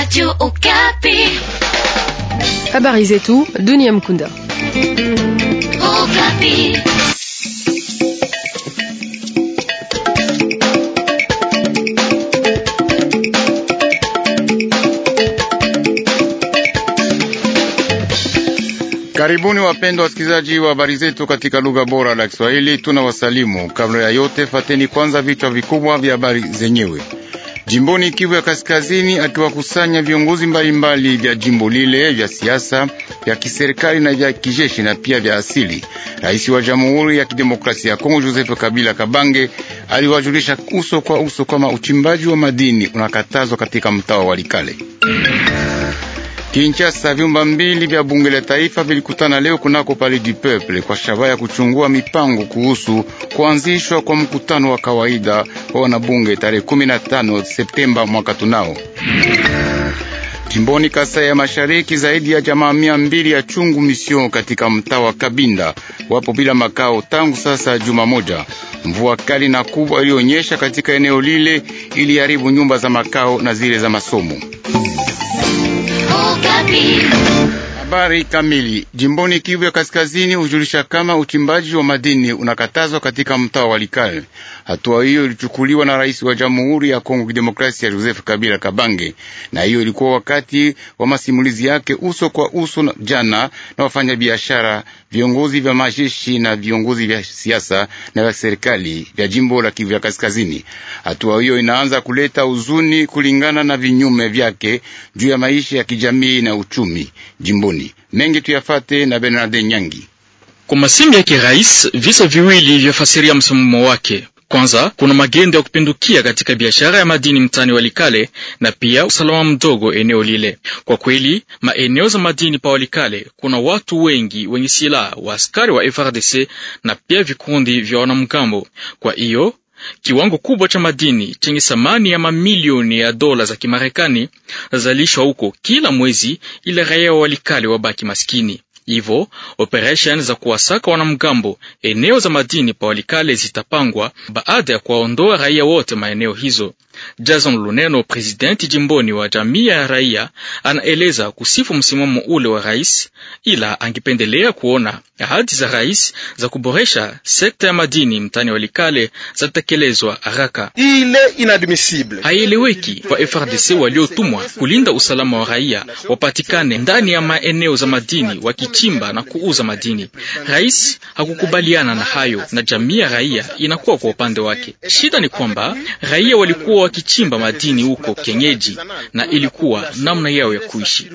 Radio Okapi. Habari zetu Dunia Mkunda. Okapi. Karibuni wapendwa wasikilizaji wa habari zetu katika lugha bora la Kiswahili, tuna wasalimu. Kabla ya yote, fateni kwanza vichwa vikubwa vya habari zenyewe. Jimboni Kivu ya Kaskazini akiwakusanya viongozi mbalimbali vya jimbo lile vya siasa, vya kiserikali na vya kijeshi na pia vya asili. Rais wa Jamhuri ya Kidemokrasia ya Kongo Joseph Kabila Kabange aliwajulisha uso kwa uso kama uchimbaji wa madini unakatazwa katika mtaa wa Walikale. Kinshasa, vyumba mbili vya bunge la taifa vilikutana leo kunako Palais du Peuple kwa shabaha ya kuchungua mipango kuhusu kuanzishwa kwa mkutano wa kawaida wa wanabunge tarehe 15 Septemba mwaka tunao. Jimboni Kasai ya Mashariki, zaidi ya jamaa mia mbili ya chungu Mision katika mtaa wa Kabinda wapo bila makao tangu sasa juma moja. Mvua kali na kubwa iliyonyesha katika eneo lile iliharibu nyumba za makao na zile za masomo. Habari kamili jimboni Kivu ya Kaskazini hujulisha kama uchimbaji wa madini unakatazwa katika mtaa wa Likale. Hatua hiyo ilichukuliwa na rais wa Jamhuri ya Kongo Kidemokrasia Joseph Kabila Kabange, na hiyo ilikuwa wakati wa masimulizi yake uso kwa uso jana na wafanyabiashara viongozi vya majeshi na viongozi vya siasa na vya serikali vya jimbo la Kivu ya Kaskazini. Hatua hiyo inaanza kuleta huzuni kulingana na vinyume vyake juu ya maisha ya kijamii na uchumi jimboni. Mengi tuyafate na Bernard Nyangi. Kwa masimu yake rais, visa viwili vyafasiria msimamo wake. Kwanza kuna magendo ya kupindukia katika biashara ya madini mtaani likale na pia usalama mdogo eneo lile. Kwa kweli, maeneo za madini pa Walikale kuna watu wengi wenye silaha, askari wa FRDC na pia vikundi vya wanamgambo. Kwa hiyo kiwango kubwa cha madini chenye thamani ya mamilioni ya dola za Kimarekani zalishwa huko kila mwezi, ila raia wa Walikale wabaki maskini. Hivyo operesheni za kuwasaka wanamgambo eneo za madini pa Walikale zitapangwa baada ya kuwaondoa raia wote maeneo hizo. Jason Luneno, presidenti jimboni wa jamii ya raia, anaeleza kusifu msimamo ule wa rais, ila angependelea kuona ahadi za rais za kuboresha sekta ya madini mtani Walikale zatekelezwa haraka. Ile inadmisible haieleweki kwa FRDC waliotumwa kulinda usalama wa raia wapatikane ndani ya maeneo za madini wakichimba na kuuza madini. Rais hakukubaliana na hayo na jamii ya raia inakuwa kwa upande wake. Shida ni kwamba raia walikuwa wakichimba madini huko kenyeji, na ilikuwa namna yao ya kuishi.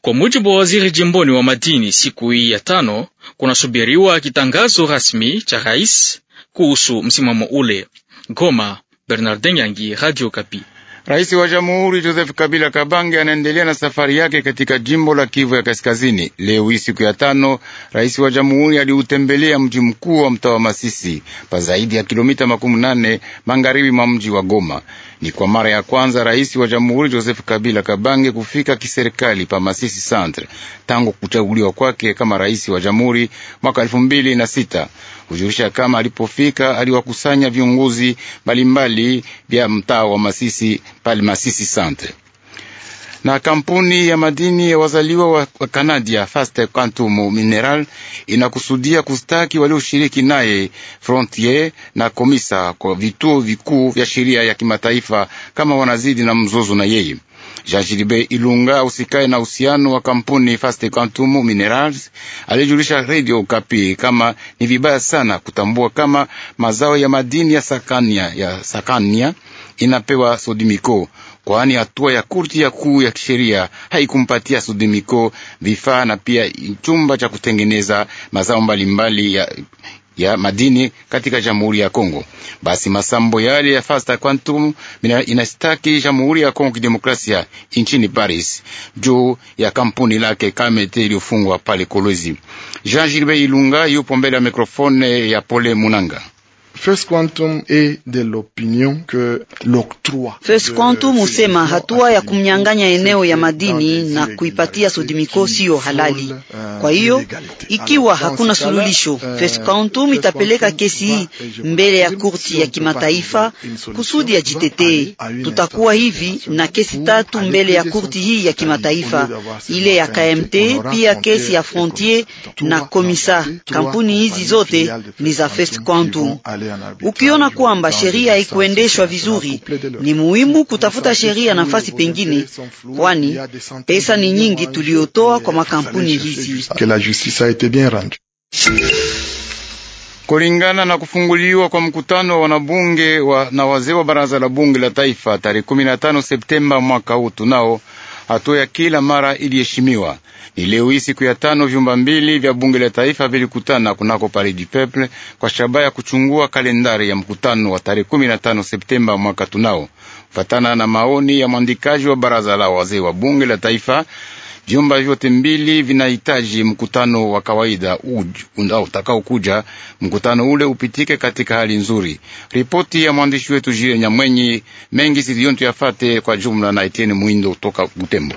Kwa mujibu wa waziri jimboni wa madini, siku hii ya tano kunasubiriwa kitangazo rasmi cha rais kuhusu msimamo ule. Goma, Bernardin Yangi, Radio Kapi. Rais wa Jamhuri Joseph Kabila Kabange anaendelea na safari yake katika jimbo la Kivu ya Kaskazini. Leo hii siku ya tano, rais wa Jamhuri aliutembelea mji mkuu wa mtaa wa Masisi pa zaidi ya kilomita makumi nane magharibi mwa mji wa Goma. Ni kwa mara ya kwanza rais wa jamhuri Joseph Kabila Kabange kufika kiserikali pa Masisi Centre tangu kuchaguliwa kwake kama rais wa jamhuri mwaka elfu mbili na sita. Hujulisha kama alipofika aliwakusanya viongozi mbalimbali vya mtaa wa Masisi pale Masisi Centre na kampuni ya madini ya wazaliwa wa Kanadia First Quantum Mineral inakusudia kustaki walioshiriki naye Frontier na Komisa kwa vituo vikuu vya sheria ya kimataifa kama wanazidi na mzozo na yeye. Jean Gilbert Ilunga usikae na uhusiano wa kampuni Fast Quantum Minerals alijulisha Radio ukapi kama ni vibaya sana kutambua kama mazao ya madini ya Sakania, ya Sakania inapewa Sodimiko kwani hatua ya kurti ya kuu ya kisheria haikumpatia sodimiko vifaa na pia chumba cha kutengeneza mazao mbalimbali mbali ya ya madini katika Jamhuri ya Kongo. Basi masambo yale ya Fasta Quantum inastaki Jamhuri ya Kongo Kidemokrasia nchini Paris juu ya kampuni lake Kamete iliyofungwa pale Kolwezi. Jean Gilbert Ilunga yupo mbele ya mikrofone ya Pole Munanga. First Quantum e de l'opinion que l'octroi. First Quantum usema hatua ya kumnyang'anya eneo ya madini na kuipatia Sodimiko siyo halali. Kwa hiyo ikiwa hakuna suluhisho, euh, First Quantum itapeleka kesi hii mbele ya kurti ya kimataifa kusudi ya jitetee. Tutakuwa hivi na kesi tatu mbele ya kurti hii ya kimataifa, ile ya KMT, pia kesi ya Frontier na Komisa. Kampuni hizi zote ni za First Quantum. Ukiona kwamba sheria haikuendeshwa vizuri, ni muhimu kutafuta sheria nafasi pengine, kwani pesa ni nyingi tuliotoa kwa makampuni hizi. Kulingana na kufunguliwa kwa mkutano wa wanabunge na wazee wa baraza la bunge la taifa tarehe 15 Septemba mwaka huu tunao hatua ya kila mara iliheshimiwa. Ni leo hii siku ya tano, vyumba mbili vya bunge la taifa vilikutana kunako Palais du Peuple kwa shabaha ya kuchungua kalendari ya mkutano wa tarehe 15 Septemba mwaka tunao, kufatana na maoni ya mwandikaji wa baraza la wazee wa bunge la taifa Vyumba vyote mbili vinahitaji mkutano wa kawaida utakao kuja. Mkutano ule upitike katika hali nzuri. Ripoti ya mwandishi wetu Jile Nyamwenyi mengi sidiontu yafate kwa jumla na Etienne Mwindo toka Butembo.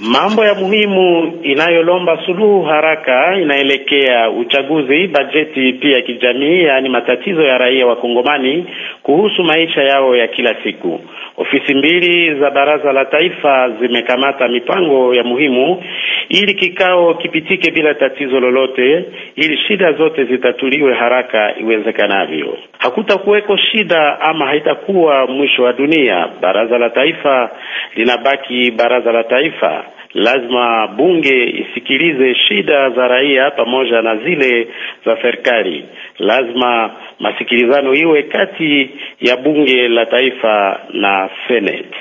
Mambo ya muhimu inayolomba suluhu haraka inaelekea uchaguzi, bajeti pia kijamii, yaani matatizo ya raia wa Kongomani kuhusu maisha yao ya kila siku. Ofisi mbili za Baraza la Taifa zimekamata mipango ya muhimu ili kikao kipitike bila tatizo lolote, ili shida zote zitatuliwe haraka iwezekanavyo. Hakutakuweko shida ama haitakuwa mwisho wa dunia. Baraza la Taifa linabaki Baraza la Taifa lazima bunge isikilize shida za raia pamoja na zile za serikali. Lazima masikilizano iwe kati ya bunge la taifa na Senate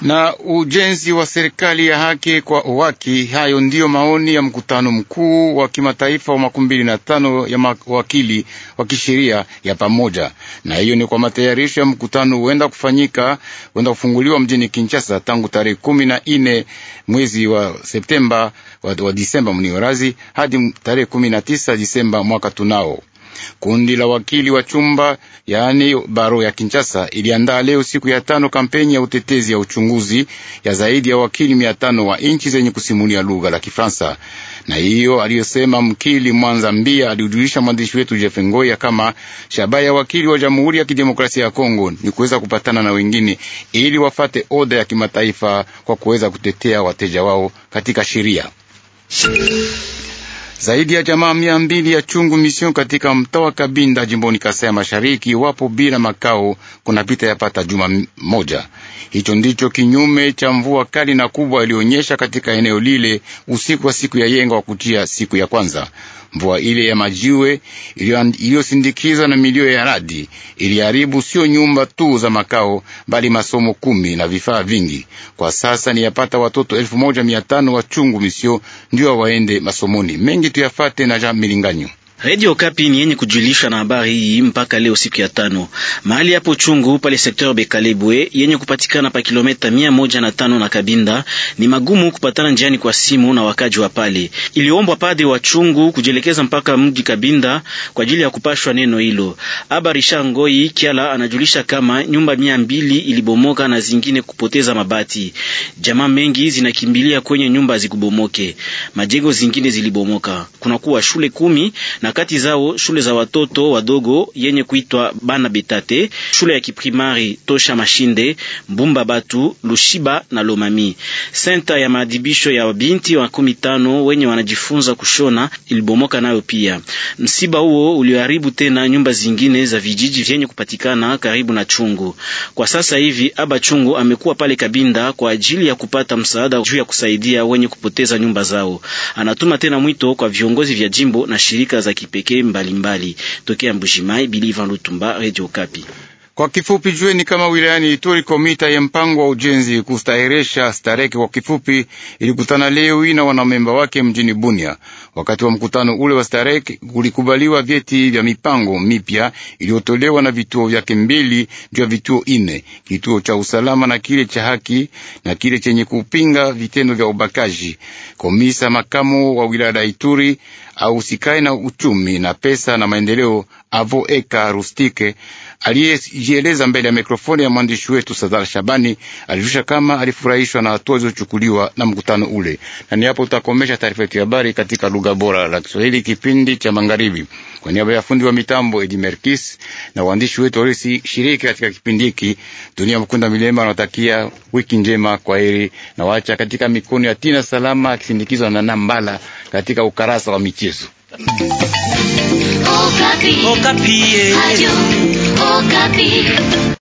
na ujenzi wa serikali ya haki kwa uwaki. Hayo ndiyo maoni ya mkutano mkuu wa kimataifa wa makumi mbili na tano ya mawakili wa kisheria ya pamoja, na hiyo ni kwa matayarisho ya mkutano huenda kufanyika huenda kufunguliwa mjini Kinshasa tangu tarehe kumi na nne mwezi wa Septemba wa, wa Disemba mniorazi hadi tarehe kumi na tisa Disemba mwaka tunao Kundi la wakili wa chumba yaani baro ya Kinshasa iliandaa leo siku ya tano kampeni ya utetezi ya uchunguzi ya zaidi ya wakili mia tano wa nchi zenye kusimulia lugha la Kifaransa. Na hiyo aliyosema mkili Mwanza Mbia aliujulisha mwandishi wetu Jeff Ngoya kama shabaha ya wakili wa Jamhuri ya Kidemokrasia ya Kongo ni kuweza kupatana na wengine ili wafate oda ya kimataifa kwa kuweza kutetea wateja wao katika sheria. Zaidi ya jamaa mia mbili ya chungu mision katika mtaa wa Kabinda jimboni Kasai ya Mashariki wapo bila makao, kuna pita yapata juma moja. Hicho ndicho kinyume cha mvua kali na kubwa ilionyesha katika eneo lile usiku wa siku ya yenga wa kutia siku ya kwanza. Mvua ile ya majiwe iliyosindikizwa na milio ya radi iliharibu sio nyumba tu za makao, bali masomo kumi na vifaa vingi. Kwa sasa ni yapata watoto elfu moja mia tano wa chungu misio ndio waende masomoni mengi tuyafate na ja milinganyo Radio Kapi ni yenye kujulisha na habari hii mpaka leo siku ya tano. Mahali hapo chungu pale sekteur Bekalebwe yenye kupatikana pa kilomita mia moja na tano na Kabinda ni magumu kupatana njiani kwa simu na wakaji wa pale. Iliombwa pade wa chungu kujielekeza mpaka mji Kabinda kwa ajili ya kupashwa neno hilo. Aba Richard Ngoi Kiala anajulisha kama nyumba mia mbili ilibomoka na zingine kupoteza mabati. Jamaa mengi zinakimbilia kwenye nyumba zikubomoke. Majengo zingine zilibomoka. Kuna kuwa shule kumi na kati zao shule za watoto wadogo yenye kuitwa Bana Betate, shule ya kiprimari Tosha Mashinde, Mbumba Batu, Lushiba na Lomami. Senta ya maadhibisho ya wabinti wa kumi tano wenye wanajifunza kushona ilibomoka nayo pia. Msiba huo ulioharibu tena nyumba zingine za vijiji vyenye kupatikana karibu na Chungu. Kwa sasa hivi Aba Chungu amekuwa pale Kabinda kwa ajili ya kupata msaada juu ya kusaidia wenye kupoteza nyumba zao. Anatuma tena mwito kwa viongozi vya jimbo na shirika za kipekee mbalimbali. Tokea Mbushimai, Biliva Lutumba, Radio Kapi. Kwa kifupi jueni kama wilayani Ituri komita ya mpango wa ujenzi kustahiresha stareke kwa kifupi ilikutana leo na wanamemba wake mjini Bunia. Wakati wa mkutano ule wa STAREK kulikubaliwa vyeti vya mipango mipya iliyotolewa na vituo vyake mbili juu ya vituo ine, kituo cha usalama na kile cha haki na kile chenye kupinga vitendo vya ubakaji. Komisa makamu wa wilaya ya Ituri au sikae na uchumi na pesa na maendeleo Avo Eka Rustike aliyejieleza mbele ya mikrofoni ya mwandishi wetu Sadar Shabani alishusha kama alifurahishwa na hatua zilizochukuliwa na mkutano ule. Na ni hapo tutakomesha taarifa yetu ya habari katika lugha bora la Kiswahili, kipindi cha Magharibi. Kwa niaba ya fundi wa mitambo Edi Merkis na waandishi wetu walioshiriki katika kipindi hiki, Dunia Mkunda Milema anawatakia wiki njema, kwa heri na waacha katika mikono ya Tina Salama akisindikizwa na Nambala katika ukarasa wa michezo. Okapi. Okapi.